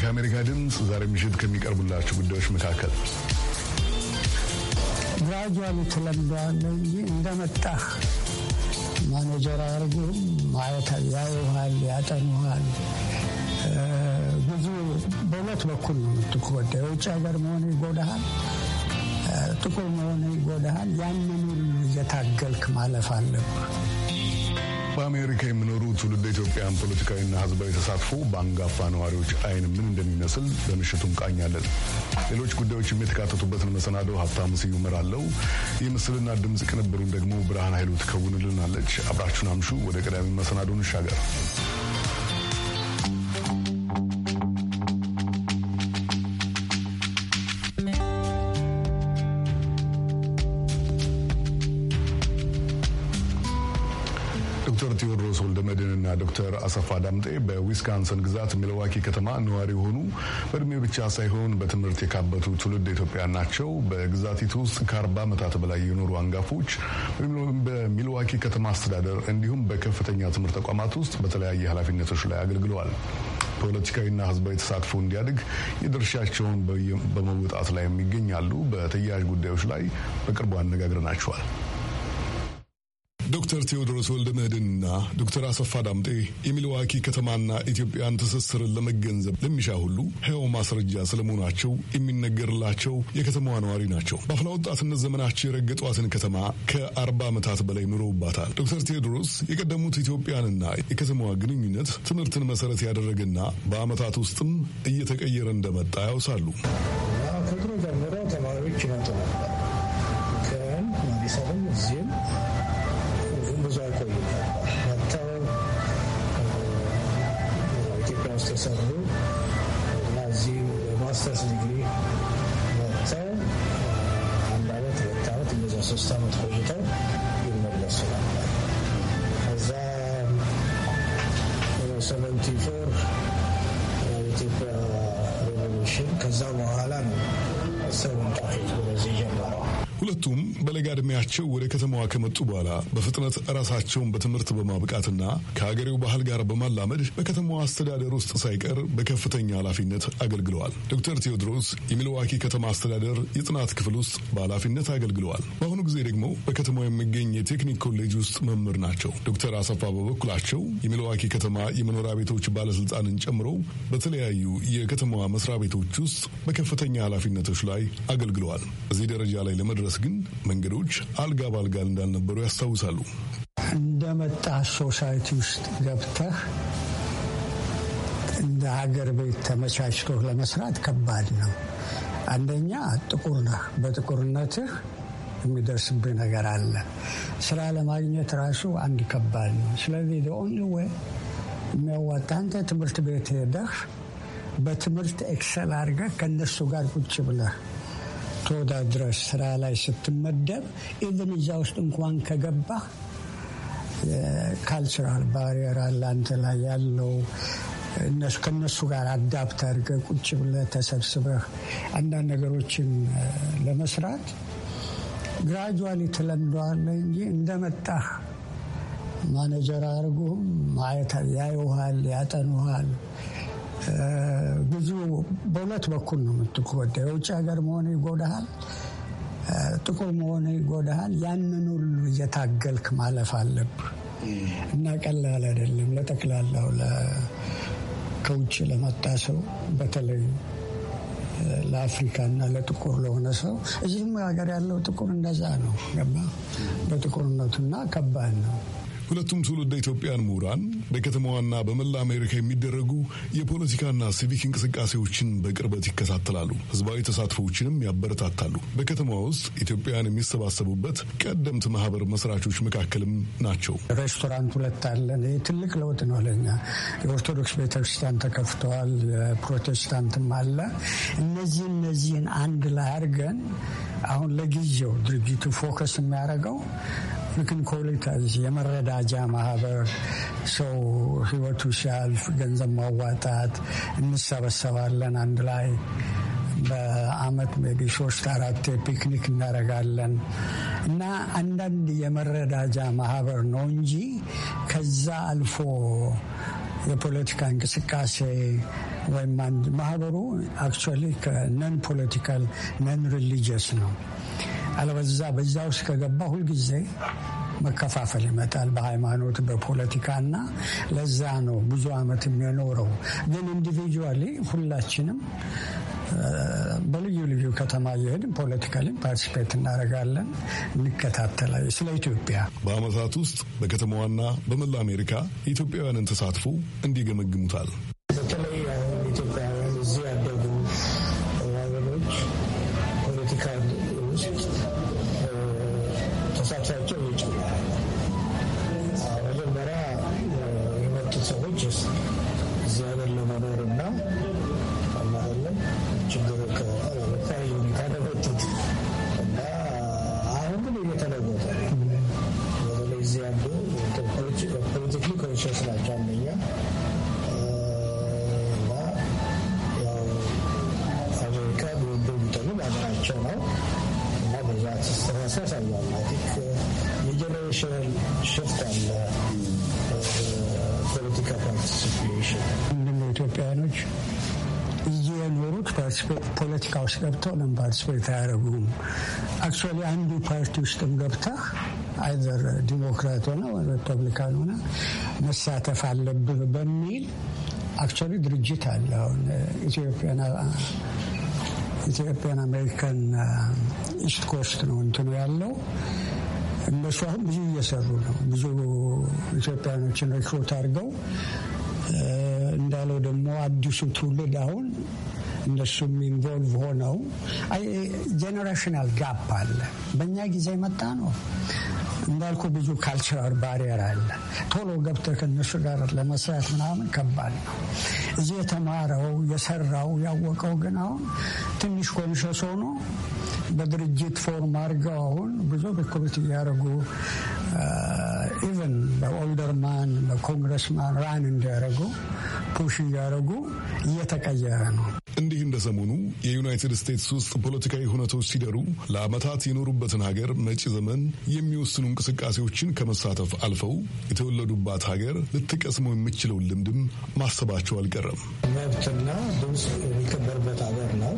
ከአሜሪካ ድምፅ ዛሬ ምሽት ከሚቀርቡላችሁ ጉዳዮች መካከል ግራጁዋሊ ትለምደዋለ እንጂ እንደመጣ ማኔጀር አርጉ ማየት ያዩሃል፣ ያጠኑሃል። ብዙ በሁለት በኩል ነው የምትጎዳ። የውጭ ሀገር መሆን ይጎዳሃል፣ ጥቁር መሆን ይጎዳሃል። ያንን እየታገልክ ማለፍ አለብህ። በአሜሪካ የሚኖሩ ትውልደ ኢትዮጵያን ፖለቲካዊና ሕዝባዊ ተሳትፎ በአንጋፋ ነዋሪዎች አይን ምን እንደሚመስል በምሽቱ እንቃኛለን። ሌሎች ጉዳዮችም የተካተቱበትን መሰናዶ ሀብታሙ ስዩም እመራለሁ። የምስልና ድምፅ ቅንብሩን ደግሞ ብርሃን ኃይሉ ትከውንልናለች። አብራችሁን አምሹ። ወደ ቀዳሚ መሰናዶ እንሻገር። አሰፋ ዳምጤ በዊስካንሰን ግዛት ሚልዋኪ ከተማ ነዋሪ የሆኑ በእድሜ ብቻ ሳይሆን በትምህርት የካበቱ ትውልድ ኢትዮጵያ ናቸው። በግዛቲቱ ውስጥ ከአርባ ዓመታት በላይ የኖሩ አንጋፎች በሚልዋኪ ከተማ አስተዳደር እንዲሁም በከፍተኛ ትምህርት ተቋማት ውስጥ በተለያየ ኃላፊነቶች ላይ አገልግለዋል። ፖለቲካዊና ሕዝባዊ ተሳትፎ እንዲያድግ የድርሻቸውን በመውጣት ላይ የሚገኛሉ። በተያያዥ ጉዳዮች ላይ በቅርቡ አነጋግረናቸዋል። ዶክተር ቴዎድሮስ ወልደ ምህድና ዶክተር አሰፋ ዳምጤ የሚልዋኪ ከተማና ኢትዮጵያን ትስስርን ለመገንዘብ ለሚሻ ሁሉ ሕያው ማስረጃ ስለመሆናቸው የሚነገርላቸው የከተማዋ ነዋሪ ናቸው። በአፍላ ወጣትነት ዘመናቸው የረገጧትን ከተማ ከአርባ ዓመታት በላይ ኑረውባታል። ዶክተር ቴዎድሮስ የቀደሙት ኢትዮጵያንና የከተማዋ ግንኙነት ትምህርትን መሰረት ያደረገና በዓመታት ውስጥም እየተቀየረ እንደመጣ ያውሳሉ። ከድሮ ጀምሮ ተማሪዎች ይመጡ በለጋ ዕድሜያቸው ወደ ከተማዋ ከመጡ በኋላ በፍጥነት ራሳቸውን በትምህርት በማብቃትና ከሀገሬው ባህል ጋር በማላመድ በከተማዋ አስተዳደር ውስጥ ሳይቀር በከፍተኛ ኃላፊነት አገልግለዋል። ዶክተር ቴዎድሮስ የሚልዋኪ ከተማ አስተዳደር የጥናት ክፍል ውስጥ በኃላፊነት አገልግለዋል። በአሁኑ ጊዜ ደግሞ በከተማ የሚገኝ የቴክኒክ ኮሌጅ ውስጥ መምህር ናቸው። ዶክተር አሰፋ በበኩላቸው የሚልዋኪ ከተማ የመኖሪያ ቤቶች ባለስልጣንን ጨምሮ በተለያዩ የከተማዋ መስሪያ ቤቶች ውስጥ በከፍተኛ ኃላፊነቶች ላይ አገልግለዋል። እዚህ ደረጃ ላይ ለመድረስ ግን መንገዶች አልጋ ባልጋ እንዳልነበሩ ያስታውሳሉ። እንደመጣ ሶሳይቲ ውስጥ ገብተህ እንደ ሀገር ቤት ተመቻችቶ ለመስራት ከባድ ነው። አንደኛ ጥቁር ነህ። በጥቁርነትህ የሚደርስብህ ነገር አለ። ስራ ለማግኘት ራሱ አንድ ከባድ ነው። ስለዚህ ኦንሊ ወይ የሚያዋጣህ አንተ ትምህርት ቤት ሄደህ በትምህርት ኤክሰል አድርገህ ከእነሱ ጋር ቁጭ ብለህ ተወዳድረህ ስራ ላይ ስትመደብ ኢቨን እዛ ውስጥ እንኳን ከገባህ ካልቸራል ባሪየር አለ አንተ ላይ ያለው ከእነሱ ጋር አዳፕት አድርገህ ቁጭ ብለህ ተሰብስበህ አንዳንድ ነገሮችን ለመስራት ግራጁዋሊ ትለምደዋለህ እንጂ እንደመጣህ ማኔጀር አድርጎህም ማየት ያዩሃል፣ ያጠኑሃል። ብዙ በሁለት በኩል ነው የምትጎዳ የውጭ ሀገር መሆነ ይጎዳሃል፣ ጥቁር መሆነ ይጎዳሃል። ያንን ሁሉ እየታገልክ ማለፍ አለብ። እና ቀላል አይደለም። ለጠቅላላው ከውጭ ለመጣ ሰው በተለይ ለአፍሪካና ለጥቁር ለሆነ ሰው እዚህም ሀገር ያለው ጥቁር እንደዛ ነው። ገባ በጥቁርነቱና ከባድ ነው። ሁለቱም ትውልደ ኢትዮጵያን ምሁራን በከተማዋና በመላ አሜሪካ የሚደረጉ የፖለቲካና ሲቪክ እንቅስቃሴዎችን በቅርበት ይከታተላሉ፣ ህዝባዊ ተሳትፎዎችንም ያበረታታሉ። በከተማ ውስጥ ኢትዮጵያን የሚሰባሰቡበት ቀደምት ማህበር መስራቾች መካከልም ናቸው። ሬስቶራንት ሁለት አለን። ይህ ትልቅ ለውጥ ነው ለኛ። የኦርቶዶክስ ቤተክርስቲያን ተከፍተዋል፣ ፕሮቴስታንትም አለ። እነዚህ እነዚህን አንድ ላይ አድርገን አሁን ለጊዜው ድርጅቱ ፎከስ የሚያደርገው ልክም ኮሌታ የመረዳጃ ማህበር ሰው ህይወቱ ሲያልፍ ገንዘብ ማዋጣት እንሰበሰባለን። አንድ ላይ በአመት ቢ ሶስት አራት ፒክኒክ እናደርጋለን እና አንዳንድ የመረዳጃ ማህበር ነው እንጂ ከዛ አልፎ የፖለቲካ እንቅስቃሴ ወይም ማህበሩ አክቹዋሊ ነን ፖለቲካል ነን ሪሊጂየስ ነው። አለበዛ በዛ ውስጥ ከገባ ሁልጊዜ መከፋፈል ይመጣል በሃይማኖት በፖለቲካና ለዛ ነው ብዙ ዓመት የሚኖረው ግን ኢንዲቪጁዋሊ ሁላችንም በልዩ ልዩ ከተማ እየሄድን ፖለቲካሊ ፓርቲስፔት እናደርጋለን፣ እንከታተላለን። ስለ ኢትዮጵያ በአመታት ውስጥ በከተማዋና በመላ አሜሪካ ኢትዮጵያውያንን ተሳትፎ እንዲገመግሙታል። ቴሌቪዥን ሁሉም ኢትዮጵያውያኖች እየኖሩት ፖለቲካ ውስጥ ገብተው ለም ፓርቲስፔት አያደርጉም። አክቹዋሊ አንዱ ፓርቲ ውስጥም ገብታ አይዘር ዲሞክራት ሆነ ሪፐብሊካን ሆነ መሳተፍ አለብህ በሚል አክቹዋሊ ድርጅት አለ አሁን ኢትዮጵያን አሜሪካን ኢስት ኮስት ነው እንትኑ ያለው። እነሱ አሁን ብዙ እየሰሩ ነው። ብዙ ኢትዮጵያኖችን ሪክሩት አድርገው እንዳለው ደግሞ አዲሱ ትውልድ አሁን እነሱም ኢንቮልቭ ሆነው ጄኔሬሽናል ጋፕ አለ። በእኛ ጊዜ መጣ ነው እንዳልኩ ብዙ ካልቸራል ባሪየር አለ። ቶሎ ገብተህ ከነሱ ጋር ለመስራት ምናምን ከባድ ነው። እዚህ የተማረው የሰራው ያወቀው ግን አሁን ትንሽ ኮንሸስ ሆኖ በድርጅት ፎርም አድርገው አሁን ብዙ ሪክሩት እያደረጉ ኢቨን ለኦልደርማን ለኮንግረስማን ራን እንዲያደረጉ ፑሽ እያደረጉ እየተቀየረ ነው። እንዲህ እንደ ሰሞኑ የዩናይትድ ስቴትስ ውስጥ ፖለቲካዊ ሁነቶች ሲደሩ ለአመታት የኖሩበትን ሀገር መጪ ዘመን የሚወስኑ እንቅስቃሴዎችን ከመሳተፍ አልፈው የተወለዱባት ሀገር ልትቀስመው የምችለውን ልምድም ማሰባቸው አልቀረም። መብትና ድምፅ የሚከበርበት ሀገር ነው።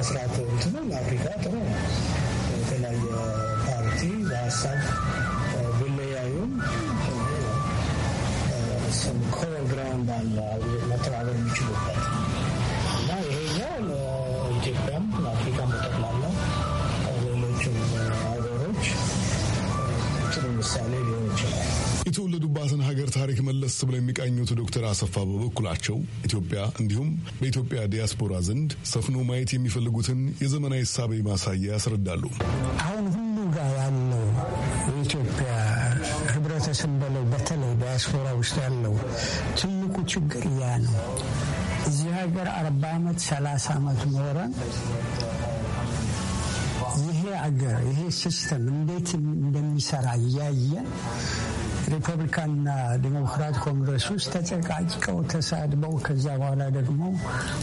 የመስራት እንትኑ ለአፍሪካ ጥሩ ነው። የተለያየ ፓርቲ በሀሳብ ቢለያዩም ኮመን ግራውንድ አለ መተባበር የሚችሉበት የተወለዱባትን ሀገር ታሪክ መለስ ብለው የሚቃኙት ዶክተር አሰፋ በበኩላቸው ኢትዮጵያ እንዲሁም በኢትዮጵያ ዲያስፖራ ዘንድ ሰፍኖ ማየት የሚፈልጉትን የዘመናዊ ሳቤ ማሳያ ያስረዳሉ። አሁን ሁሉ ጋር ያለው የኢትዮጵያ ህብረተሰብ በለው በተለይ ዲያስፖራ ውስጥ ያለው ትልቁ ችግር ያ ነው። እዚህ ሀገር አርባ ዓመት ሰላሳ ዓመት ኖረን ይሄ አገር ይሄ ሲስተም እንዴት እንደሚሰራ እያየን ሪፐብሊካንና ዲሞክራት ኮንግረስ ውስጥ ተጨቃጭቀው ተሳድበው ከዛ በኋላ ደግሞ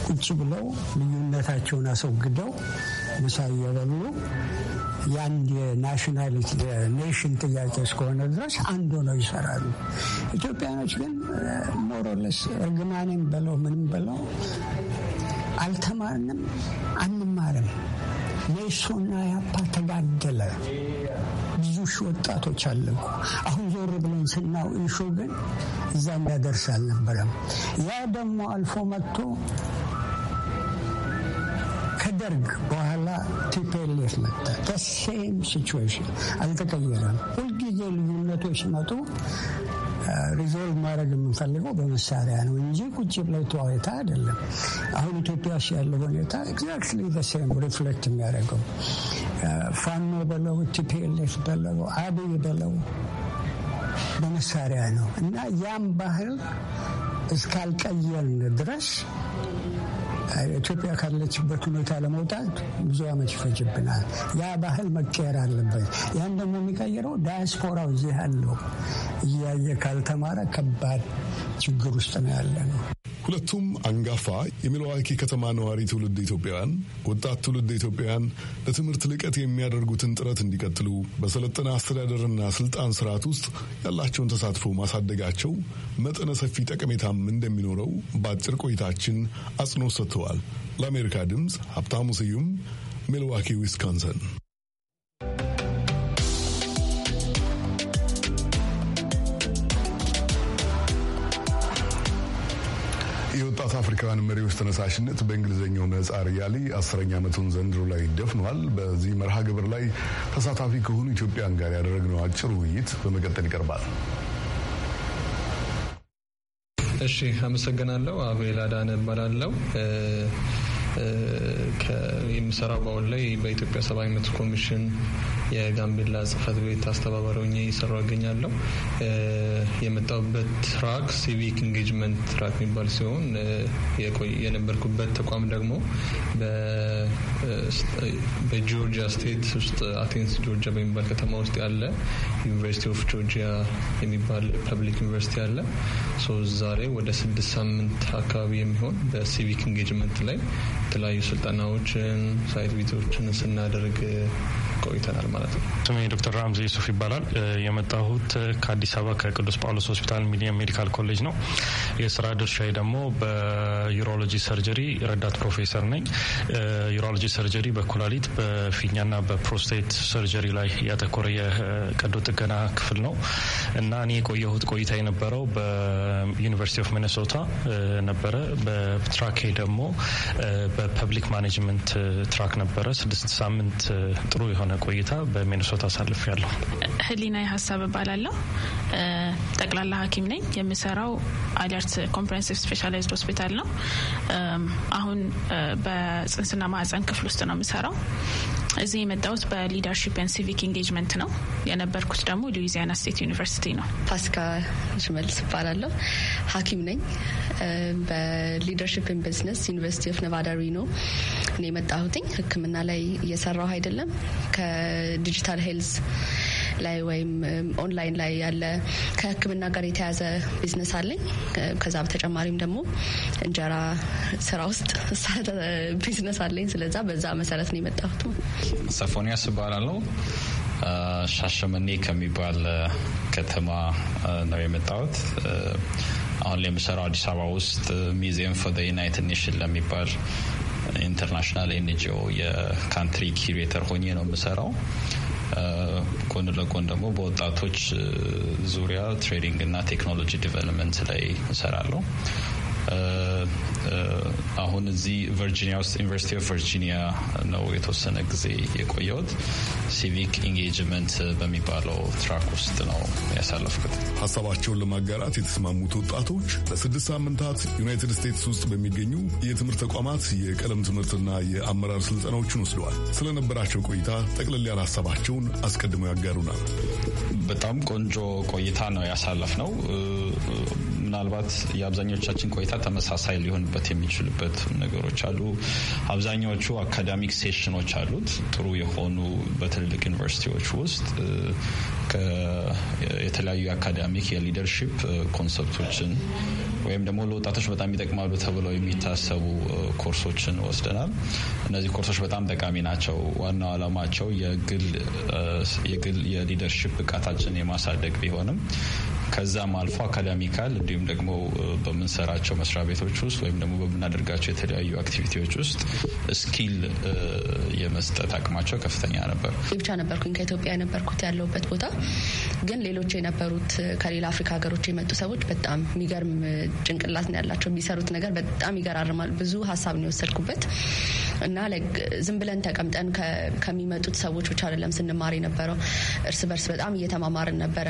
ቁጭ ብለው ልዩነታቸውን አስወግደው ምሳ እየበሉ የአንድ የናሽናሊቲ የኔሽን ጥያቄ እስከሆነ ድረስ አንዱ ሆነው ይሰራሉ። ኢትዮጵያኖች ግን ሞሮለስ እርግማኔም በለው ምንም በለው አልተማርንም፣ አንማርም። የእሱና ያፓ ተጋደለ ብዙ ሺህ ወጣቶች አለቁ። አሁን ዞር ብለን ስናው እንሾ ግን እዛ የሚያደርስ አልነበረም። ያ ደግሞ አልፎ መጥቶ ከደርግ በኋላ ቲፒኤልኤፍ መጣ። ተሴም ሲቹዌሽን አልተቀየረም። ሁልጊዜ ልዩነቶች መጡ። ሪዞልቭ ማድረግ የምንፈልገው በመሳሪያ ነው እንጂ ቁጭ ብለው ተዋይታ አይደለም። አሁን ኢትዮጵያ ውስጥ ያለው ሁኔታ ኤግዛክትሊ ሴም ሪፍሌክት የሚያደርገው ፋኖ በለው ቲፒኤልኤፍ በለው አብይ በለው በመሳሪያ ነው እና ያም ባህል እስካልቀየርን ድረስ ኢትዮጵያ ካለችበት ሁኔታ ለመውጣት ብዙ ዓመት ይፈጅብናል። ያ ባህል መቀየር አለበት። ያን ደግሞ የሚቀይረው ዳያስፖራው እዚህ አለው እያየ ካልተማረ ከባድ ችግር ውስጥ ነው ያለ ነው። ሁለቱም አንጋፋ የሚልዋኪ ከተማ ነዋሪ ትውልድ ኢትዮጵያውያን ወጣት ትውልድ ኢትዮጵያውያን ለትምህርት ልቀት የሚያደርጉትን ጥረት እንዲቀጥሉ በሰለጠነ አስተዳደርና ስልጣን ስርዓት ውስጥ ያላቸውን ተሳትፎ ማሳደጋቸው መጠነ ሰፊ ጠቀሜታም እንደሚኖረው በአጭር ቆይታችን አጽንኦት ሰጥተዋል። ለአሜሪካ ድምፅ ሀብታሙ ስዩም ሚልዋኪ ዊስኮንሰን የኢትዮጵያውያን መሪዎች ተነሳሽነት በእንግሊዝኛው ምህጻር ያሊ አስረኛ ዓመቱን ዘንድሮ ላይ ደፍኗል። በዚህ መርሃ ግብር ላይ ተሳታፊ ከሆኑ ኢትዮጵያን ጋር ያደረግነው አጭር ውይይት በመቀጠል ይቀርባል። እሺ፣ አመሰግናለሁ። አቤል አዳነ እባላለሁ። የምሰራው በአሁን ላይ በኢትዮጵያ ሰብአዊ መብት ኮሚሽን የጋምቤላ ጽህፈት ቤት አስተባባሪ ሆኜ እየሰራሁ እገኛለሁ። የመጣሁበት ትራክ ሲቪክ ኢንጌጅመንት ትራክ የሚባል ሲሆን የነበርኩበት ተቋም ደግሞ በጆርጂያ ስቴት ውስጥ አቴንስ ጆርጂያ በሚባል ከተማ ውስጥ ያለ ዩኒቨርሲቲ ኦፍ ጆርጂያ የሚባል ፐብሊክ ዩኒቨርሲቲ አለ። ዛሬ ወደ ስድስት ሳምንት አካባቢ የሚሆን በሲቪክ ኢንጌጅመንት ላይ የተለያዩ ስልጠናዎችን ሳይት ቤቶችን ስናደርግ ቆይተናል ማለት ነው። ስሜ ዶክተር ራምዚ ዩሱፍ ይባላል። የመጣሁት ከአዲስ አበባ ከቅዱስ ጳውሎስ ሆስፒታል ሚሊኒየም ሜዲካል ኮሌጅ ነው። የስራ ድርሻዬ ደግሞ በዩሮሎጂ ሰርጀሪ ረዳት ፕሮፌሰር ነኝ። ዩሮሎጂ ሰርጀሪ በኩላሊት በፊኛና በፕሮስቴት ሰርጀሪ ላይ ያተኮረ የቀዶ ጥገና ክፍል ነው እና እኔ የቆየሁት ቆይታ የነበረው በዩኒቨርሲቲ ኦፍ ሚነሶታ ነበረ። በትራኬ ደግሞ በፐብሊክ ማኔጅመንት ትራክ ነበረ። ስድስት ሳምንት ጥሩ የሆነ ቆይታ በሚኒሶታ አሳልፍ ያለሁ። ህሊና የሀሳብ እባላለሁ። ጠቅላላ ሐኪም ነኝ። የምሰራው አሊያርት ኮምፕሬንሲቭ ስፔሻላይዝድ ሆስፒታል ነው። አሁን በጽንስና ማህፀን ክፍል ውስጥ ነው የምሰራው። እዚህ የመጣሁት በሊደርሽፕ ን ሲቪክ ኢንጌጅመንት ነው። የነበርኩት ደግሞ ሉዊዚያና ስቴት ዩኒቨርሲቲ ነው። ፓስካ ሽመልስ እባላለሁ። ሐኪም ነኝ። በሊደርሽፕ ን ቢዝነስ ዩኒቨርሲቲ ኦፍ ነቫዳ ሪኖ ነው የመጣሁትኝ። ሕክምና ላይ እየሰራሁ አይደለም ከዲጂታል ሄልዝ ላይ ወይም ኦንላይን ላይ ያለ ከህክምና ጋር የተያዘ ቢዝነስ አለኝ። ከዛ በተጨማሪም ደግሞ እንጀራ ስራ ውስጥ ቢዝነስ አለኝ። ስለዛ በዛ መሰረት ነው የመጣሁት። ሰፎኒያስ እባላለሁ። ሻሸመኔ ከሚባል ከተማ ነው የመጣሁት። አሁን የምሰራው አዲስ አበባ ውስጥ ሚዚየም ፎር ዩናይትድ ኔሽን ለሚባል ኢንተርናሽናል ኤንጂኦ የካንትሪ ኪሬተር ሆኜ ነው የምሰራው። ጎን ለጎን ደግሞ በወጣቶች ዙሪያ ትሬዲንግ እና ቴክኖሎጂ ዲቨሎፕመንት ላይ እሰራለሁ። አሁን እዚህ ቨርጂኒያ ውስጥ ዩኒቨርሲቲ ኦፍ ቨርጂኒያ ነው የተወሰነ ጊዜ የቆየሁት። ሲቪክ ኢንጌጅመንት በሚባለው ትራክ ውስጥ ነው ያሳለፍኩት። ሀሳባቸውን ለማጋራት የተስማሙት ወጣቶች ለስድስት ሳምንታት ዩናይትድ ስቴትስ ውስጥ በሚገኙ የትምህርት ተቋማት የቀለም ትምህርትና የአመራር ስልጠናዎችን ወስደዋል። ስለነበራቸው ቆይታ ጠቅለል ያለ ሀሳባቸውን አስቀድመው ያጋሩናል። በጣም ቆንጆ ቆይታ ነው ያሳለፍ ነው። ምናልባት የአብዛኞቻችን ቆይታ ተመሳሳይ ሊሆንበት የሚችልበት ነገሮች አሉ። አብዛኛዎቹ አካዳሚክ ሴሽኖች አሉት። ጥሩ የሆኑ በትልልቅ ዩኒቨርሲቲዎች ውስጥ የተለያዩ የአካዳሚክ የሊደርሽፕ ኮንሰፕቶችን ወይም ደግሞ ለወጣቶች በጣም ይጠቅማሉ ተብለው የሚታሰቡ ኮርሶችን ወስደናል። እነዚህ ኮርሶች በጣም ጠቃሚ ናቸው። ዋናው ዓላማቸው የግል የሊደርሽፕ ብቃታችን የማሳደግ ቢሆንም ከዛም አልፎ አካዳሚካል እንዲሁም ደግሞ በምንሰራቸው መስሪያ ቤቶች ውስጥ ወይም ደግሞ በምናደርጋቸው የተለያዩ አክቲቪቲዎች ውስጥ ስኪል የመስጠት አቅማቸው ከፍተኛ ነበር። ብቻ ነበርኩኝ ከኢትዮጵያ የነበርኩት ያለሁበት ቦታ ግን ሌሎች የነበሩት ከሌላ አፍሪካ ሀገሮች የመጡ ሰዎች በጣም የሚገርም ጭንቅላት ነው ያላቸው። የሚሰሩት ነገር በጣም ይገራርማል። ብዙ ሀሳብ ነው የወሰድኩበት። እና ዝም ብለን ተቀምጠን ከሚመጡት ሰዎች ብቻ አይደለም ስንማር የነበረው እርስ በርስ በጣም እየተማማርን ነበረ።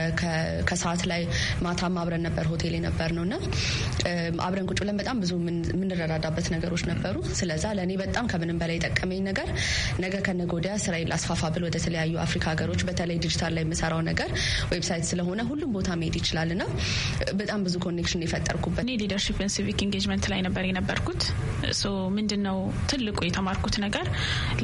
ከሰዓት ላይ ማታም አብረን ነበር ሆቴል የነበር ነው እና አብረን ቁጭ ብለን በጣም ብዙ የምንረዳዳበት ነገሮች ነበሩ። ስለዛ ለእኔ በጣም ከምንም በላይ የጠቀመኝ ነገር ነገ ከነገ ወዲያ ስራዬን ላስፋፋ ብል ወደ ተለያዩ አፍሪካ ሀገሮች በተለይ ዲጂታል ላይ የምሰራው ነገር ዌብሳይት ስለሆነ ሁሉም ቦታ መሄድ ይችላል እና በጣም ብዙ ኮኔክሽን የፈጠርኩበት እኔ ሊደርሽፕን ሲቪክ ኢንጌጅመንት ላይ ነበር የነበርኩት ምንድን ነው ትልቁ የተማርኩት ነገር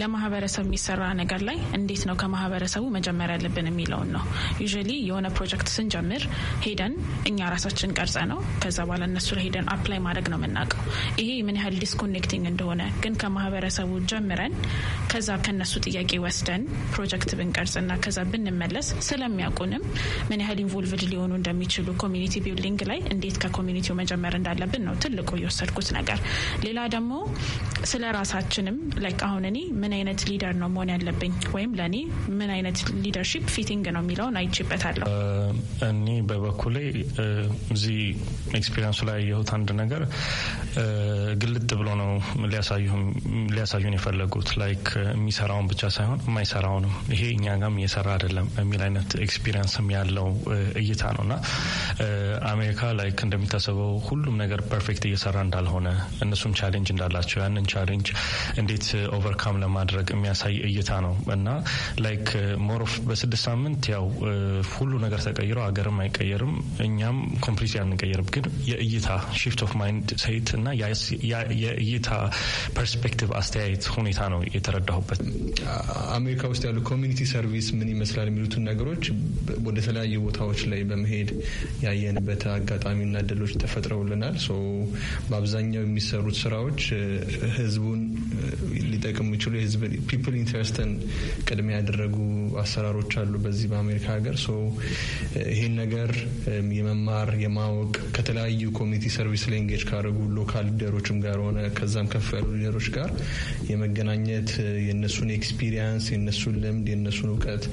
ለማህበረሰብ የሚሰራ ነገር ላይ እንዴት ነው ከማህበረሰቡ መጀመር ያለብን የሚለውን ነው። ዩዥሊ የሆነ ፕሮጀክት ስንጀምር ሄደን እኛ ራሳችን ቀርጸ ነው ከዛ በኋላ እነሱ ላይ ሄደን አፕላይ ማድረግ ነው የምናውቀው። ይሄ ምን ያህል ዲስኮኔክቲንግ እንደሆነ ግን ከማህበረሰቡ ጀምረን ከዛ ከነሱ ጥያቄ ወስደን ፕሮጀክት ብንቀርጽና ከዛ ብንመለስ ስለሚያውቁንም ምን ያህል ኢንቮልቭድ ሊሆኑ እንደሚችሉ ኮሚኒቲ ቢልዲንግ ላይ እንዴት ከኮሚኒቲው መጀመር እንዳለብን ነው ትልቁ የወሰድኩት ነገር። ሌላ ደግሞ ስለ ራሳችን ሁላችንም ላይክ አሁን እኔ ምን አይነት ሊደር ነው መሆን ያለብኝ ወይም ለእኔ ምን አይነት ሊደርሺፕ ፊቲንግ ነው የሚለውን አይችበታለሁ። እኔ በበኩሌ እዚህ ኤክስፔሪንሱ ላይ ያየሁት አንድ ነገር ግልጥ ብሎ ነው ሊያሳዩን የፈለጉት ላይክ የሚሰራውን ብቻ ሳይሆን የማይሰራውንም ይሄ እኛ ጋም እየሰራ አይደለም የሚል አይነት ኤክስፒሪንስም ያለው እይታ ነው እና አሜሪካ ላይክ እንደሚታሰበው ሁሉም ነገር ፐርፌክት እየሰራ እንዳልሆነ እነሱም ቻሌንጅ እንዳላቸው ያንን ቻሌንጅ እንዴት ኦቨርካም uh, ለማድረግ የሚያሳይ እይታ ነው እና ላይክ ሞሮፍ uh, በስድስት ሳምንት ያው uh, ሁሉ ነገር ተቀይሮ ሀገርም አይቀየርም እኛም ኮምፕሊት አንቀየርም። ግን የእይታ ሺፍት ኦፍ ማይንድ ሰይት እና የእይታ ፐርስፔክቲቭ አስተያየት ሁኔታ ነው የተረዳሁበት። አሜሪካ ውስጥ ያሉ ኮሚኒቲ ሰርቪስ ምን ይመስላል የሚሉትን ነገሮች ወደ ተለያዩ ቦታዎች ላይ በመሄድ ያየንበት አጋጣሚና እድሎች ተፈጥረውልናል። በአብዛኛው የሚሰሩት ስራዎች ህዝቡን ሊጠቅም የሚችሉ የህዝብ ፒፕል ኢንተረስትን ቅድሚያ ያደረጉ አሰራሮች አሉ በዚህ በአሜሪካ ሀገር። ሶ ይህን ነገር የመማር የማወቅ ከተለያዩ ኮሚኒቲ ሰርቪስ ላይ ኢንጌጅ ካደረጉ ሎካል ሊደሮችም ጋር ሆነ ከዛም ከፍ ያሉ ሊደሮች ጋር የመገናኘት የእነሱን ኤክስፒሪየንስ የእነሱን ልምድ የእነሱን እውቀት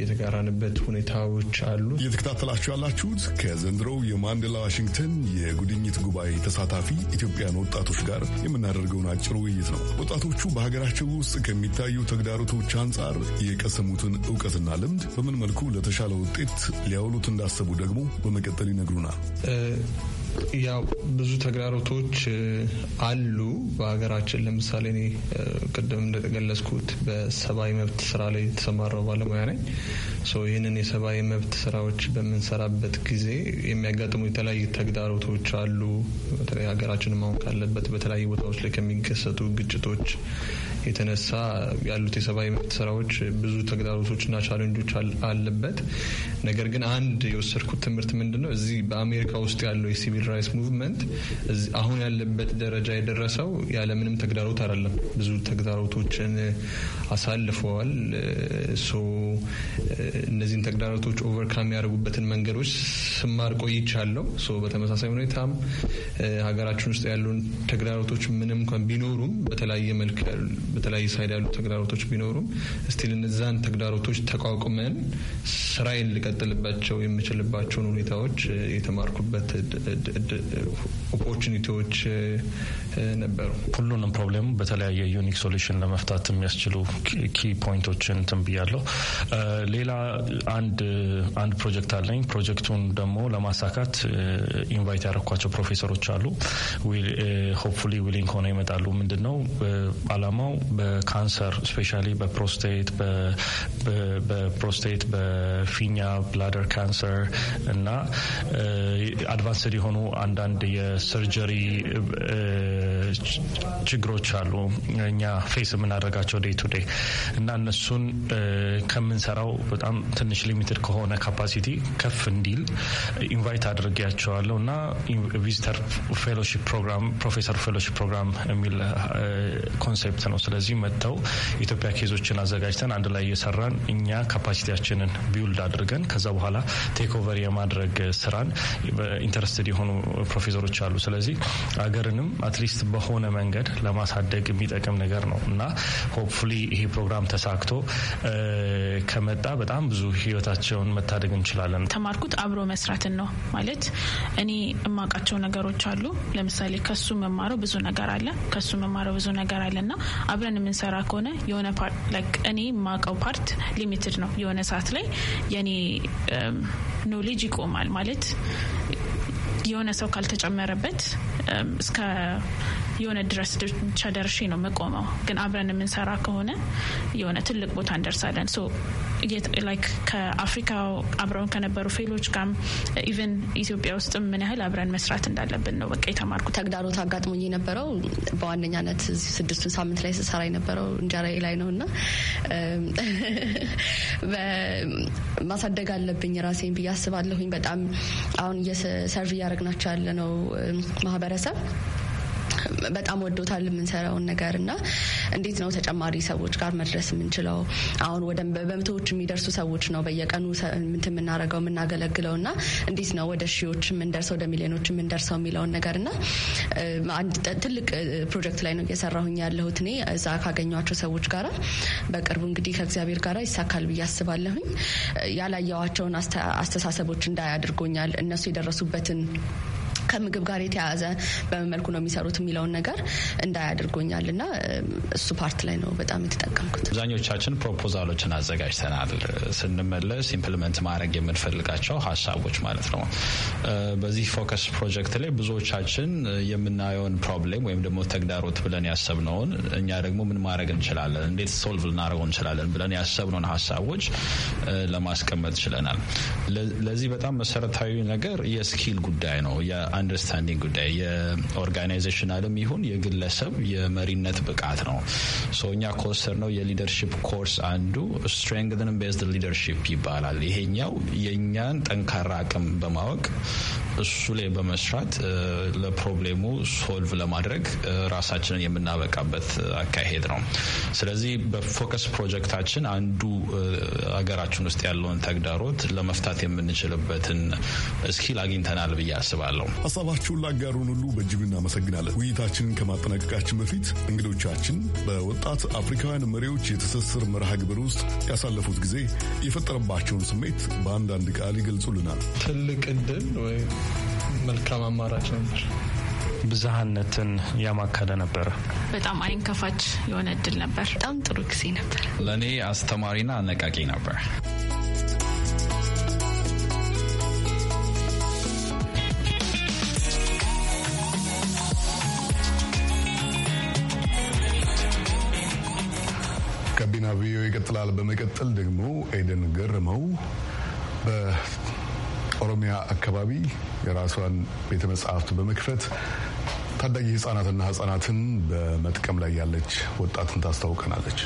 የተጋራንበት ሁኔታዎች አሉ። እየተከታተላችሁ ያላችሁት ከዘንድሮው የማንዴላ ዋሽንግተን የጉድኝት ጉባኤ ተሳታፊ ኢትዮጵያን ወጣቶች ጋር የምናደርገውን አጭር ውይይት ነው። ወጣቶቹ በሀገራቸው ውስጥ ከሚታዩ ተግዳሮቶች አንጻር የቀሰሙትን እውቀትና ልምድ በምን መልኩ ለተሻለ ውጤት ሊያውሉት እንዳሰቡ ደግሞ በመቀጠል ይነግሩናል። ያው ብዙ ተግዳሮቶች አሉ በሀገራችን። ለምሳሌ እኔ ቅድም እንደተገለጽኩት በሰብአዊ መብት ስራ ላይ የተሰማራው ባለሙያ ነኝ። ይህንን የሰብአዊ መብት ስራዎች በምንሰራበት ጊዜ የሚያጋጥሙ የተለያዩ ተግዳሮቶች አሉ። በተለይ ሀገራችንም ማወቅ ካለበት በተለያዩ ቦታዎች ላይ ከሚከሰቱ ግጭቶች የተነሳ ያሉት የሰብአዊ መብት ስራዎች ብዙ ተግዳሮቶችና ቻለንጆች አለበት። ነገር ግን አንድ የወሰድኩት ትምህርት ምንድን ነው እዚህ በአሜሪካ ውስጥ ያለው የሲቪል ራይትስ ሙቭመንት አሁን ያለበት ደረጃ የደረሰው ያለምንም ተግዳሮት አይደለም። ብዙ ተግዳሮቶችን አሳልፈዋል። እነዚህን ተግዳሮቶች ኦቨርካም ያደርጉበትን መንገዶች ስማር ቆይቻለሁ። በተመሳሳይ ሁኔታም ሀገራችን ውስጥ ያሉን ተግዳሮቶች ምንም እንኳን ቢኖሩም በተለያየ መልክ በተለያየ ሳይድ ያሉ ተግዳሮቶች ቢኖሩም እስቲል እነዛን ተግዳሮቶች ተቋቁመን ስራዬን ልቀጥልባቸው የምችልባቸውን ሁኔታዎች የተማርኩበት ኦፖርቹኒቲዎች ነበሩ። ሁሉንም ፕሮብሌም በተለያየ ዩኒክ ሶሉሽን ለመፍታት የሚያስችሉ ኪ ፖይንቶችን ትንብያለሁ። ሌላ አንድ አንድ ፕሮጀክት አለኝ። ፕሮጀክቱን ደግሞ ለማሳካት ኢንቫይት ያደረኳቸው ፕሮፌሰሮች አሉ። ሆፕፉሊ ዊሊንግ ሆነው ይመጣሉ። ምንድን ነው አላማው በካንሰር ስፔሻሊ በፕሮስቴት በፕሮስቴት በፊኛ ብላደር ካንሰር እና አድቫንስድ የሆኑ አንዳንድ የሰርጀሪ ችግሮች አሉ እኛ ፌስ የምናደርጋቸው ዴይ ቱ ዴይ እና እነሱን ከምንሰራው በጣም ትንሽ ሊሚትድ ከሆነ ካፓሲቲ ከፍ እንዲል ኢንቫይት አድርጌያቸዋለሁ እና ቪዚተር ፌሎሺፕ ፕሮግራም ፕሮፌሰር ፌሎሺፕ ፕሮግራም የሚል ኮንሴፕት ነው። ስለዚህ መጥተው ኢትዮጵያ ኬዞችን አዘጋጅተን አንድ ላይ እየሰራን እኛ ካፓሲቲያችንን ቢውልድ አድርገን ከዛ በኋላ ቴክ ኦቨር የማድረግ ስራን ኢንተረስትድ የሆኑ ፕሮፌሰሮች አሉ። ስለዚህ አገርንም አትሊስት በሆነ መንገድ ለማሳደግ የሚጠቅም ነገር ነው እና ሆፕፉሊ ይሄ ፕሮግራም ተሳክቶ ከመጣ በጣም ብዙ ህይወታቸውን መታደግ እንችላለን። ተማርኩት አብሮ መስራትን ነው ማለት እኔ እማውቃቸው ነገሮች አሉ። ለምሳሌ ከሱ መማረው ብዙ ነገር አለ ከሱ መማረው ብዙ ነገር አለ እና አብረን የምንሰራ ከሆነ የሆነ እኔ የማውቀው ፓርት ሊሚትድ ነው። የሆነ ሰዓት ላይ የኔ ኖሌጅ ይቆማል ማለት የሆነ ሰው ካልተጨመረበት እስከ የሆነ ድረስ ብቻ ደርሼ ነው የምቆመው። ግን አብረን የምንሰራ ከሆነ የሆነ ትልቅ ቦታ እንደርሳለን። ላይክ ከአፍሪካ አብረውን ከነበሩ ፌሎች ጋር ኢቨን ኢትዮጵያ ውስጥ ምን ያህል አብረን መስራት እንዳለብን ነው በቃ የተማርኩ። ተግዳሮት አጋጥሞኝ የነበረው በዋነኛነት ስድስቱን ሳምንት ላይ ስሰራ የነበረው እንጀራ ላይ ነው እና ማሳደግ አለብኝ ራሴን ብዬ አስባለሁኝ። በጣም አሁን ሰርቭ እያደረግናቸው ያለ ነው ማህበረሰብ በጣም ወዶታል የምንሰራውን ነገር እና እንዴት ነው ተጨማሪ ሰዎች ጋር መድረስ የምንችለው? አሁን ወደ በመቶዎች የሚደርሱ ሰዎች ነው በየቀኑ ምንት የምናደርገው የምናገለግለው እና እንዴት ነው ወደ ሺዎች የምንደርሰው ወደ ሚሊዮኖች የምንደርሰው የሚለውን ነገር እና አንድ ትልቅ ፕሮጀክት ላይ ነው እየሰራሁኝ ያለሁት እኔ እዛ ካገኟቸው ሰዎች ጋራ በቅርቡ እንግዲህ ከእግዚአብሔር ጋራ ይሳካል ብዬ አስባለሁኝ። ያላየዋቸውን አስተሳሰቦች እንዳያደርጎኛል እነሱ የደረሱበትን ከምግብ ጋር የተያያዘ በምን መልኩ ነው የሚሰሩት የሚለውን ነገር እንዳያደርጎኛል እና እሱ ፓርት ላይ ነው በጣም የተጠቀምኩት። አብዛኞቻችን ፕሮፖዛሎችን አዘጋጅተናል። ስንመለስ ኢምፕልመንት ማድረግ የምንፈልጋቸው ሀሳቦች ማለት ነው። በዚህ ፎከስ ፕሮጀክት ላይ ብዙዎቻችን የምናየውን ፕሮብሌም ወይም ደግሞ ተግዳሮት ብለን ያሰብነውን እኛ ደግሞ ምን ማድረግ እንችላለን፣ እንዴት ሶልቭ ልናደርገው እንችላለን ብለን ያሰብነውን ሀሳቦች ለማስቀመጥ ችለናል። ለዚህ በጣም መሰረታዊ ነገር የስኪል ጉዳይ ነው። አንደርስታንዲንግ ጉዳይ የኦርጋናይዜሽናልም ይሁን የግለሰብ የመሪነት ብቃት ነው። እኛ ከወሰድ ነው የሊደርሽፕ ኮርስ አንዱ ስትሬንግን ቤዝድ ሊደርሽፕ ይባላል። ይሄኛው የእኛን ጠንካራ አቅም በማወቅ እሱ ላይ በመስራት ለፕሮብሌሙ ሶልቭ ለማድረግ ራሳችንን የምናበቃበት አካሄድ ነው። ስለዚህ በፎከስ ፕሮጀክታችን አንዱ ሀገራችን ውስጥ ያለውን ተግዳሮት ለመፍታት የምንችልበትን ስኪል አግኝተናል ብዬ አስባለሁ። ሀሳባችሁን ላጋሩን ሁሉ በእጅጉ እናመሰግናለን። ውይይታችንን ከማጠናቀቃችን በፊት እንግዶቻችን በወጣት አፍሪካውያን መሪዎች የትስስር መርሃ ግብር ውስጥ ያሳለፉት ጊዜ የፈጠረባቸውን ስሜት በአንዳንድ ቃል ይገልጹልናል። ትልቅ እድል ወይ መልካም አማራጭ ነበር። ብዝሃነትን ያማከለ ነበር። በጣም አይን ከፋች የሆነ እድል ነበር። በጣም ጥሩ ጊዜ ነበር። ለእኔ አስተማሪና አነቃቂ ነበር። ጋቢዮ ይቀጥላል። በመቀጠል ደግሞ ኤደን ገርመው በኦሮሚያ አካባቢ የራሷን ቤተ መጽሐፍት በመክፈት ታዳጊ ህጻናትና ህጻናትን በመጥቀም ላይ ያለች ወጣትን ታስታውቀናለች።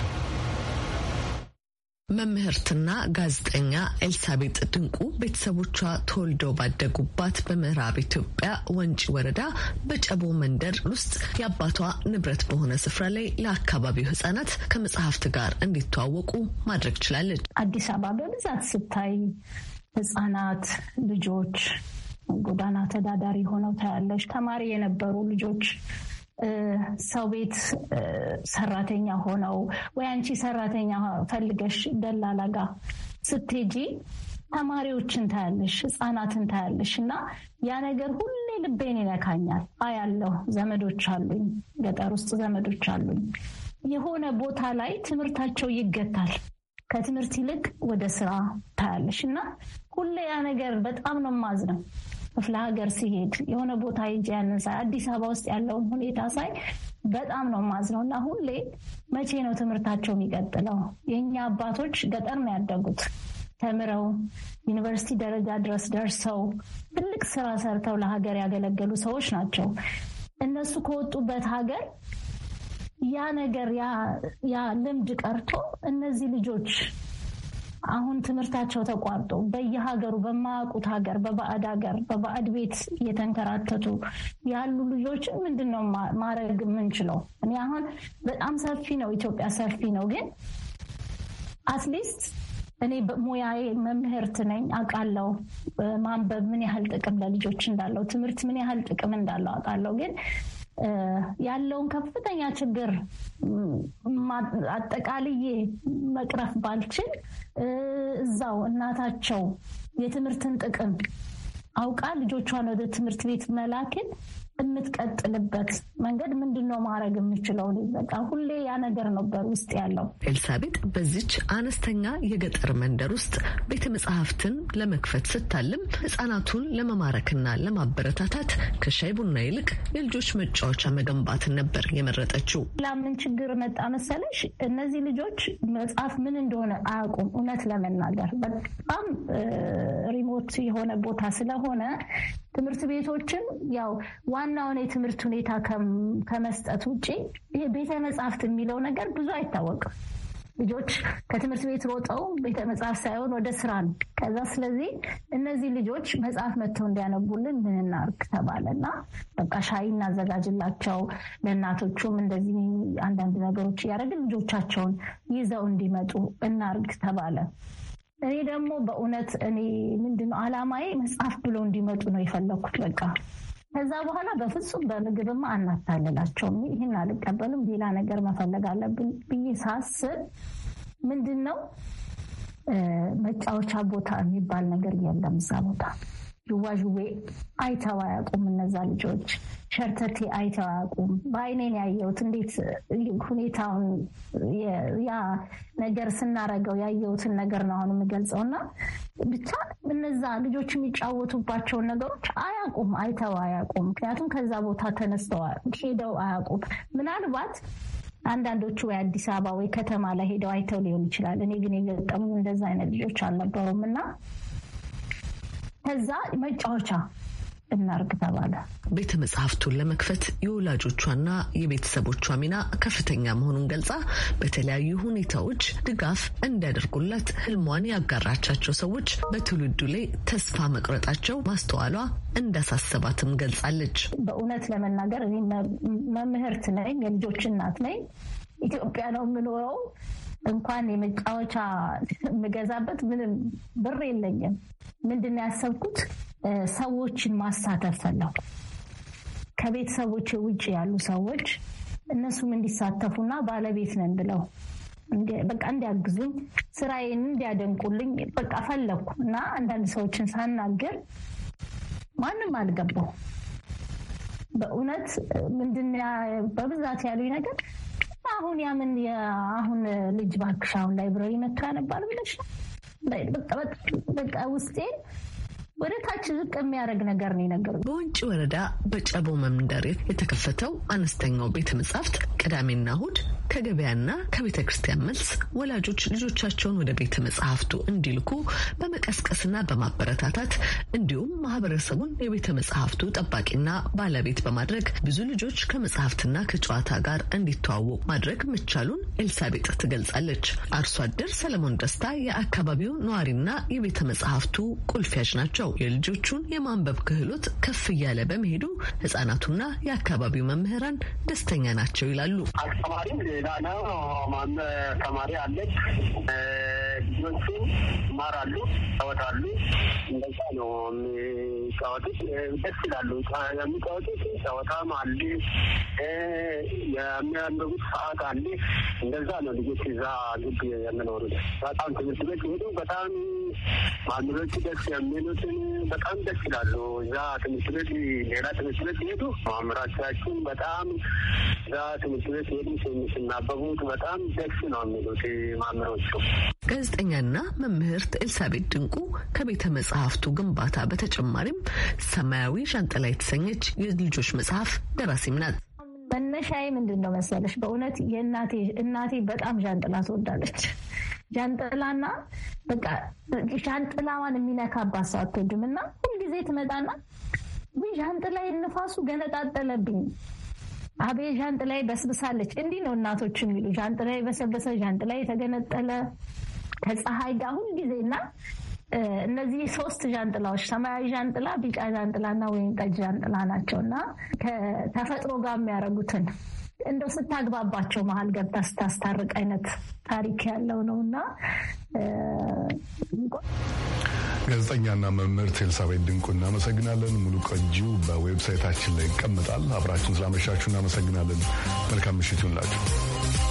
መምህርትና ጋዜጠኛ ኤልሳቤጥ ድንቁ ቤተሰቦቿ ተወልደው ባደጉባት በምዕራብ ኢትዮጵያ ወንጪ ወረዳ በጨቦ መንደር ውስጥ የአባቷ ንብረት በሆነ ስፍራ ላይ ለአካባቢው ሕጻናት ከመጽሐፍት ጋር እንዲተዋወቁ ማድረግ ችላለች። አዲስ አበባ በብዛት ስታይ ሕጻናት ልጆች ጎዳና ተዳዳሪ ሆነው ታያለች። ተማሪ የነበሩ ልጆች ሰው ቤት ሰራተኛ ሆነው ወይ አንቺ ሰራተኛ ፈልገሽ ደላላ ጋ ስትሄጂ ተማሪዎችን ታያለሽ፣ ህፃናትን ታያለሽ። እና ያ ነገር ሁሌ ልቤን ይነካኛል። አያለሁ። ዘመዶች አሉኝ፣ ገጠር ውስጥ ዘመዶች አሉኝ። የሆነ ቦታ ላይ ትምህርታቸው ይገታል። ከትምህርት ይልቅ ወደ ስራ ታያለሽ እና ሁሌ ያ ነገር በጣም ነው የማዝነው። ክፍለ ሀገር ሲሄድ የሆነ ቦታ ሄጄ ያንን ሳይ አዲስ አበባ ውስጥ ያለውን ሁኔታ ሳይ በጣም ነው ማዝነው እና ሁሌ መቼ ነው ትምህርታቸው የሚቀጥለው? የእኛ አባቶች ገጠር ነው ያደጉት ተምረው ዩኒቨርሲቲ ደረጃ ድረስ ደርሰው ትልቅ ስራ ሰርተው ለሀገር ያገለገሉ ሰዎች ናቸው። እነሱ ከወጡበት ሀገር ያ ነገር ያ ልምድ ቀርቶ እነዚህ ልጆች አሁን ትምህርታቸው ተቋርጦ በየሀገሩ በማያውቁት ሀገር በባዕድ ሀገር በባዕድ ቤት እየተንከራተቱ ያሉ ልጆችን ምንድን ነው ማድረግ የምንችለው? እኔ አሁን በጣም ሰፊ ነው ኢትዮጵያ ሰፊ ነው። ግን አትሊስት እኔ ሙያዬ መምህርት ነኝ አውቃለሁ። ማንበብ ምን ያህል ጥቅም ለልጆች እንዳለው፣ ትምህርት ምን ያህል ጥቅም እንዳለው አውቃለሁ ግን ያለውን ከፍተኛ ችግር አጠቃልዬ መቅረፍ ባልችል እዛው እናታቸው የትምህርትን ጥቅም አውቃ ልጆቿን ወደ ትምህርት ቤት መላክን የምትቀጥልበት መንገድ ምንድን ነው ማድረግ የምችለው? በቃ ሁሌ ያ ነገር ነበር ውስጥ ያለው። ኤልሳቤጥ በዚች አነስተኛ የገጠር መንደር ውስጥ ቤተ መጽሐፍትን ለመክፈት ስታልም ህጻናቱን ለመማረክና ለማበረታታት ከሻይ ቡና ይልቅ የልጆች መጫወቻ መገንባትን ነበር የመረጠችው። ላምን ችግር መጣ መሰለሽ፣ እነዚህ ልጆች መጽሐፍ ምን እንደሆነ አያውቁም። እውነት ለመናገር በጣም ሪሞት የሆነ ቦታ ስለሆነ ትምህርት ቤቶችም ያው ዋናውን የትምህርት ሁኔታ ከመስጠት ውጭ ይሄ ቤተ መጽሐፍት የሚለው ነገር ብዙ አይታወቅም። ልጆች ከትምህርት ቤት ሮጠው ቤተ መጽሐፍ ሳይሆን ወደ ስራ ነው። ከዛ ስለዚህ እነዚህ ልጆች መጽሐፍ መጥተው እንዲያነቡልን ምን እናርግ ተባለ እና በቃ ሻይ እናዘጋጅላቸው፣ ለእናቶቹም እንደዚህ አንዳንድ ነገሮች እያደረግን ልጆቻቸውን ይዘው እንዲመጡ እናርግ ተባለ። እኔ ደግሞ በእውነት እኔ ምንድነው አላማዬ መጽሐፍ ብሎ እንዲመጡ ነው የፈለኩት። በቃ ከዛ በኋላ በፍጹም በምግብማ አናታልላቸውም፣ ይህን አልቀበልም፣ ሌላ ነገር መፈለግ አለብን ብዬ ሳስብ ምንድን ነው መጫወቻ ቦታ የሚባል ነገር የለም እዛ ቦታ ዥዋዥዌ አይተው አያውቁም። እነዛ ልጆች ሸርተቴ አይተው አያውቁም። በአይኔን ያየሁት እንዴት ሁኔታውን ያ ነገር ስናረገው ያየሁትን ነገር ነው አሁን የምገልጸው እና ብቻ እነዛ ልጆች የሚጫወቱባቸውን ነገሮች አያውቁም፣ አይተው አያውቁም። ምክንያቱም ከዛ ቦታ ተነስተው ሄደው አያውቁም። ምናልባት አንዳንዶቹ ወይ አዲስ አበባ ወይ ከተማ ላይ ሄደው አይተው ሊሆን ይችላል። እኔ ግን የገጠሙ እንደዛ አይነት ልጆች አልነበሩም እና ከዛ መጫወቻ እናርግ ተባለ። ቤተ መጽሐፍቱን ለመክፈት የወላጆቿና የቤተሰቦቿ ሚና ከፍተኛ መሆኑን ገልጻ በተለያዩ ሁኔታዎች ድጋፍ እንዲያደርጉላት ህልሟን ያጋራቻቸው ሰዎች በትውልዱ ላይ ተስፋ መቅረጣቸው ማስተዋሏ እንዳሳሰባትም ገልጻለች። በእውነት ለመናገር እኔ መምህርት ነኝ፣ የልጆች እናት ነኝ። ኢትዮጵያ ነው የምኖረው እንኳን የመጫወቻ የምገዛበት ምንም ብር የለኝም። ምንድን ነው ያሰብኩት? ሰዎችን ማሳተፍ ፈለው ከቤተሰቦች ውጭ ያሉ ሰዎች እነሱም እንዲሳተፉና ባለቤት ነን ብለው በቃ እንዲያግዙኝ ስራዬን እንዲያደንቁልኝ በቃ ፈለግኩ እና አንዳንድ ሰዎችን ሳናግር ማንም አልገባው። በእውነት ምንድን በብዛት ያሉኝ ነገር አሁን ያምን አሁን ልጅ ባክሽ አሁን ላይብረሪ መታ ነባር ብለሽ በቃ ውስጤን ወደ ታች ዝቅ የሚያደርግ ነገር ነው የነገሩኝ። በወንጪ ወረዳ በጨቦ መንደር የተከፈተው አነስተኛው ቤተ መጻሕፍት ቅዳሜና እሁድ ከገበያና ከቤተ ክርስቲያን መልስ ወላጆች ልጆቻቸውን ወደ ቤተ መጽሐፍቱ እንዲልኩ በመቀስቀስና በማበረታታት እንዲሁም ማህበረሰቡን የቤተ መጽሐፍቱ ጠባቂና ባለቤት በማድረግ ብዙ ልጆች ከመጽሐፍትና ከጨዋታ ጋር እንዲተዋወቁ ማድረግ መቻሉን ኤልሳቤጥ ትገልጻለች። አርሶ አደር ሰለሞን ደስታ የአካባቢው ነዋሪና የቤተ መጽሐፍቱ ቁልፊያጅ ናቸው። የሚሰጠው የልጆቹን የማንበብ ክህሎት ከፍ እያለ በመሄዱ ህጻናቱና የአካባቢው መምህራን ደስተኛ ናቸው ይላሉ። አስተማሪም ሌላ ነው። ማን ተማሪ አለች ልጆቹ ይማራሉ፣ ይጫወታሉ። እንደዛ ነው የሚጫወቱት። ደስ ይላሉ የሚጫወቱት። ጨዋታም አለ፣ የሚያንበቡት ሰዓት አለ። እንደዛ ነው ልጆች እዛ ግብ የምኖሩት። በጣም ትምህርት ቤት ሄዱ። በጣም ማንበቦቹ ደስ የሚሉትን በጣም ደስ ይላሉ። እዛ ትምህርት ቤት ሌላ ትምህርት ቤት ሄዱ። ማምራቻችን በጣም እዛ ትምህርት ቤት ሄዱ ስናበቡት በጣም ደስ ነው የሚሉት ማምሮቹ። ጋዜጠኛና መምህርት ኤልሳቤት ድንቁ ከቤተ መጽሐፍቱ ግንባታ በተጨማሪም ሰማያዊ ዣንጥላ የተሰኘች የልጆች መጽሐፍ ደራሲም ናት። መነሻዬ ምንድን ነው መሰለሽ? በእውነት የእናቴ እናቴ በጣም ዣንጥላ ትወዳለች። ዣንጥላና በቃ ዣንጥላዋን የሚነካባት ሰው አትወድም እና ሁልጊዜ ትመጣና ውይ ዣንጥላዬ ንፋሱ ገነጣጠለብኝ አቤ ዣንጥላዬ በስብሳለች። እንዲህ ነው እናቶች የሚሉ ዣንጥላዬ በሰበሰ፣ ዣንጥላዬ የተገነጠለ ከፀሐይ ጋር ሁልጊዜና እነዚህ ሶስት ዣንጥላዎች ሰማያዊ ዣንጥላ፣ ቢጫ ዣንጥላ እና ወይን ጠጅ ዣንጥላ ናቸው እና ከተፈጥሮ ጋር የሚያደርጉትን እንደው ስታግባባቸው መሀል ገብታ ስታስታርቅ አይነት ታሪክ ያለው ነው እና ጋዜጠኛና መምህርት ኤልሳቤት ድንቁ እናመሰግናለን። ሙሉ ቀጁ በዌብሳይታችን ላይ ይቀመጣል። አብራችን ስላመሻችሁ እናመሰግናለን። መልካም ምሽት ይሁንላችሁ።